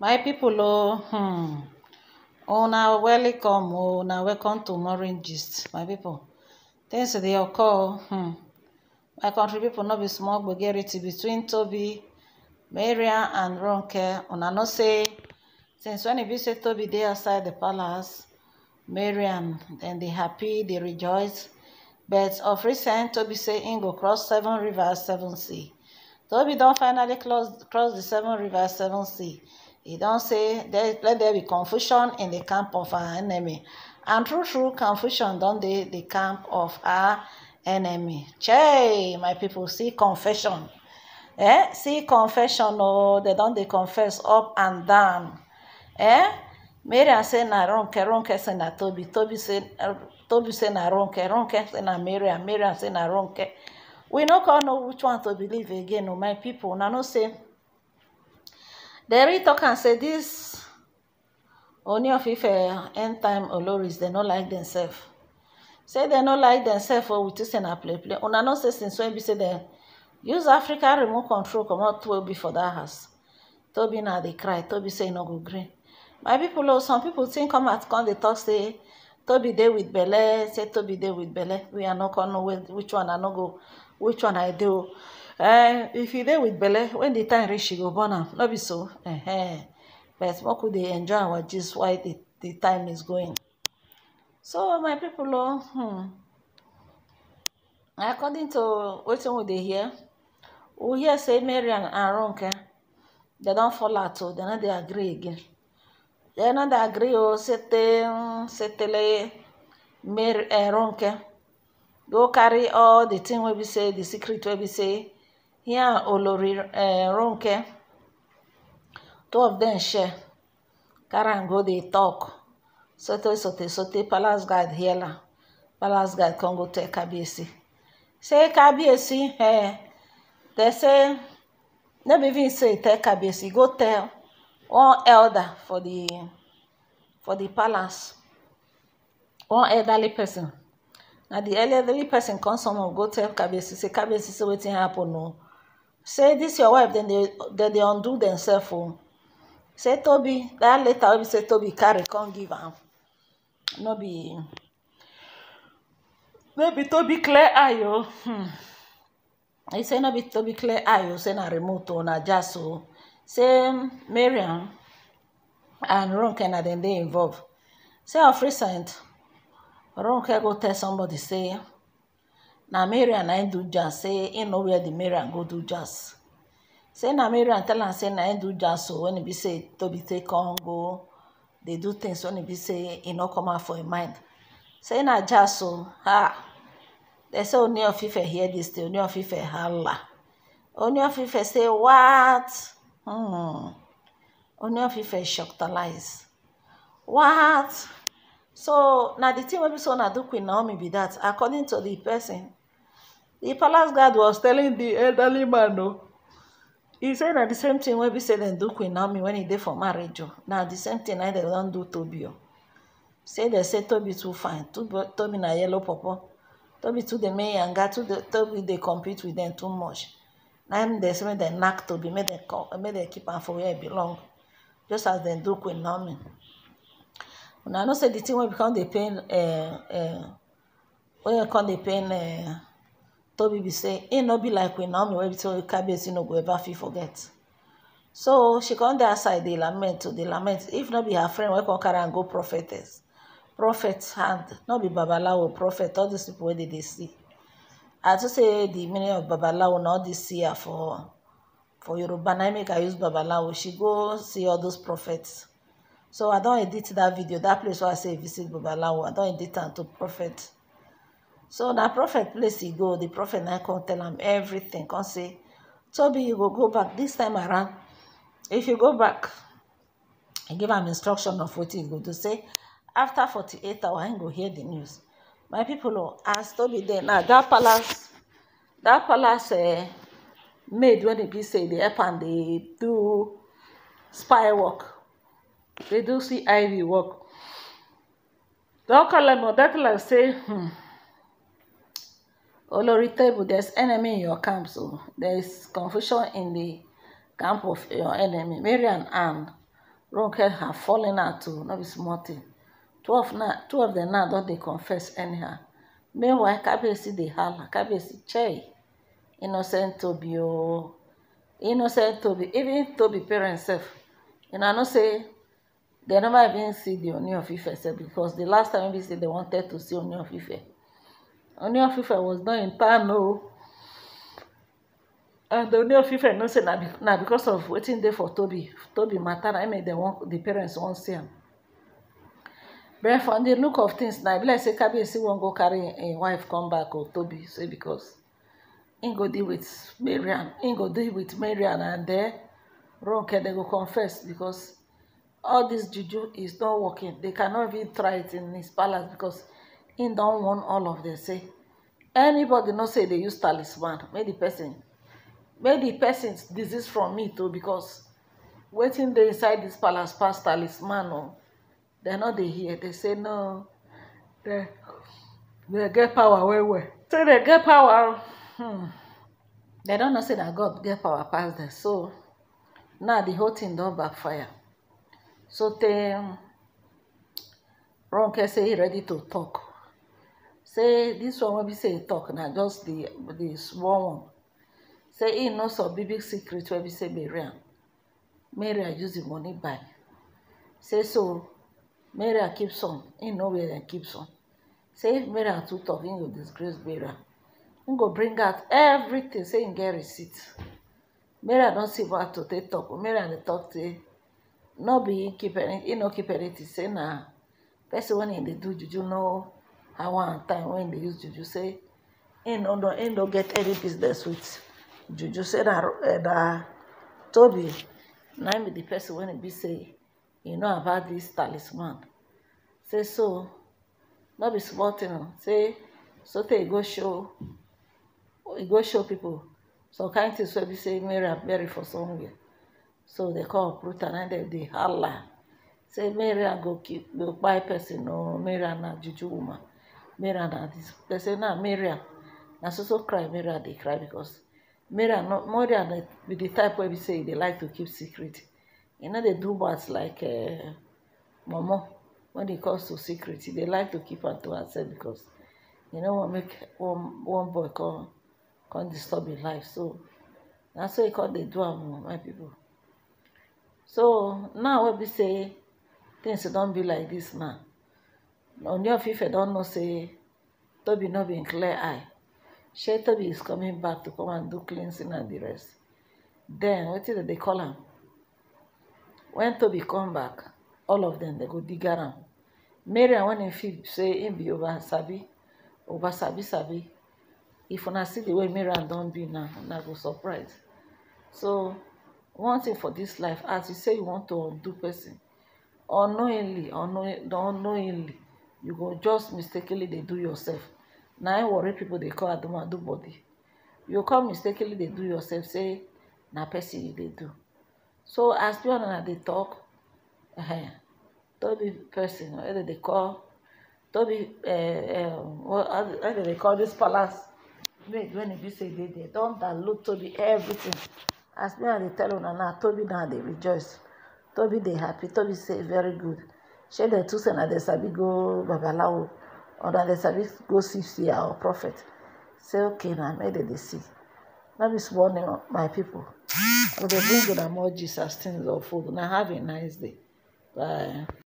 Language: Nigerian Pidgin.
my people oh hmm, una oh, welcome oh una welcome to Maureen gist my people things dey occur hmm. my country people no be small gbogerity between Toby, Mariam and Ronke una know say since when e be say Tobi dey outside the palace Mariam dem dey happy dey rejoice but of recent Toby say im go cross seven rivers seven sea Toby don finally cross cross the seven rivers seven sea He don't say, there, let there be confusion in the camp of our enemy. And true, true confusion don't they the camp of our enemy. Che, my people, see confession. Eh? See confession, oh, they don't they confess up and down. Eh? Mary say na ronke, ronke say na Toby, Toby say, Toby say na ronke, ronke say na Mary, Mary say na ronke. We no can know which one to believe again, oh, my people. Now no say, Derry talk am say dis Ooni of Ife end time Oloris dem no like demsef say dem no like demsef o oh, we think say na play play una know say since wey be say dem use Africa remote control comot Tobi for dat house Toby na dey cry Toby say e no go gree my people o oh, some people think come out come dey talk say Toby dey with belle say Toby dey with belle we i no come know which one i no go which one i dey o Uh, if you there with belle when the time reach you go born am no be so uh -huh. but make could they enjoy our gist the the time is going so my people, oh hmm according to wetin we they hear we hear say marian and aronke They don't fall out o dem not dey agree again dem no dey agree o sete hmm, setele mary ronke go carry all the thing where we say the secret where we say ya and olori eh, runke. two of dem share carry am go dey tok sotey sotey sotey palace guard hear la. palace guard come go tell kabiyesi say kabiyesi eh dem say no be even say tell kabiyesi go tell one elder for the for the palace one elderly person na the elderly person come summon go tell kabiyesi say kabiyesi say wetin happen o. No? say this your wife then they then they undo themselves o oh. say Toby, that letter wey be say Toby, carry come give am no be no be tobi clear eye o oh. hmm e say no be Toby clear eye o oh. say na remote o na just so. say mariam and ronke na then they involve. say of recent ronke go tell somebody say na marian na him do jazz say him no wear the marian go do jazz say na marian tell am say na him do jazz so when he be say to be take on go they do things when he be say e no come out for im mind say na jazz so ha they say oni of ife hear this thing oni of ife hala oni of ife say what hmm oni of the lies what so na the thing wey be so una do queen naomi be that according to the person The palace guard was telling the elderly man o oh, he say na the same thing wey be say dem do queen naomi wen e dey for marriage o oh, na the same thing na dem don do tobi o oh. say dem say tobi too fine tobi na yellow pawpaw tobi too dey make yanga tobi dey compete with dem too much na im dey say make dem knack tobi make dem keep am for where e belong just as dem do queen naomi una know say the thing wey become dey pain eh, eh, wey come dey pain eh, toby be say it no be like queen naomi wey be say kabiyesi no go ever fit forget so she come dey outside They lament oh, to dey lament if not be her friend wey come carry and go prophetess Prophets hand not be babalawo prophet all dis people wey dey dey see i just say the meaning of babalawo not this dis seer for for yoruba I make i use babalawo she go see all those prophets so i don't edit that video That place where i say visit babalawo i don't edit am to prophet so na prophet place he go the prophet na come tell him everything come say Toby you go go back this time around if you go back e give him instruction of what he go to say afta 48 hours im go hear the news my pipo oh, as Toby dey now that palace that palace eh, maid wey dey be say dey help and they do spy work they do see work don call am on dat like say hmm Olori table, there's enemy in your camp, so there's confusion in the camp of your enemy. Mary and Anne, Ronke have fallen out too, no be small Two of, na, two of them now don't they confess anyhow. Meanwhile, Kabiyesi dey hala, Kabiyesi chey, innocent Toby, innocent Toby, even Toby parents sef, una know say they never even see the Ooni of Ife sef because the last time we see they wanted to see Ooni of Ife. Oni of Ife was not in town, no. And the Oni of Ife no say na, na because of wetin dey for Tobi. Tobi matter na make dem wan the parents wan see am. But from the look of things na e be like say Kabiyesi wan go carry im wife come back o oh, Tobi say because im go deal with Mariam, im go deal with Mariam and then Ronke dey go confess because all this juju is not working. They cannot even try it in his palace because him don warn all of them say anybody know say they use talisman make di person make di person disease from me too oh, because wetin dey inside this palace past talisman o oh, they no they hear They say no They, they get power well well So they get power hmm dem don know say that god get power past them. so now the whole thing don backfire so tey ronke say e ready to talk say this one wey be say e tok na just the the small one say he know some big big secret wey be say maria maria use di money buy say so maria keep some e know where dem keep some say if maria too talk e go disgrace maria e go bring out everything say e get receipt maria don see what to take talk maria dey talk say no be e keep any e no keep anything say na person wen e dey do juju no at one time when they use juju say him no get any business with juju say na tobi na him be the person wen e be say e know about this talisman say so no be small tin o oh. say sotey e go show go show people. some kind tins wey be say mary and mary for somewhere so they come uproot am and dem dey hala say mary go kpai person o oh, mary na juju woman Miriam and this. They say now nah, Miriam. Na so so cry Maria dey cry because Maria no Maria na be the type wey be say e dey like to keep secret. E no dey do bad like uh, Momo when it comes to secret. E dey like to keep am to herself because e no wan make one one boy come come disturb im life. So na so e come dey do am my people. So now wey be say things don be like this now ooni of ife don know say Toby not bin clear eye She Toby is coming back to come and do cleansing and the rest den wetin dem they call him. When Toby come back all of them they go digger am mariam wen im feel say him be over sabi over sabi sabi if una see the way mariam don't be now una go surprise so one thing for this life as you say you want to undo person unknowingly unknowingly unknowingly you go just mistakenly they do yourself Now worry people they call do body you go come mistakenly they do yourself say na person you dey do so as me and they talk uh-huh, don't person wey they call Toby be uh, um, how dem dey call this palace make when you say they, e they don't don download Toby everything as me and they tell una now Toby now they rejoice Toby they happy Toby say very good shey dem too say na dem sabi go babalawo or na dem sabi go see see our prophet say okay na make dem dey see no be small name my people i go dey bring una more jesus things of food una have a nice day bye.